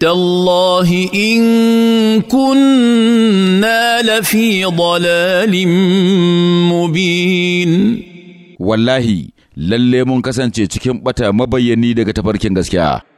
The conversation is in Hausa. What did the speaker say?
تالله إن كنا لفي ضلال مبين والله lalle mun kasance cikin ɓata mabayyani daga tafarkin gaskiya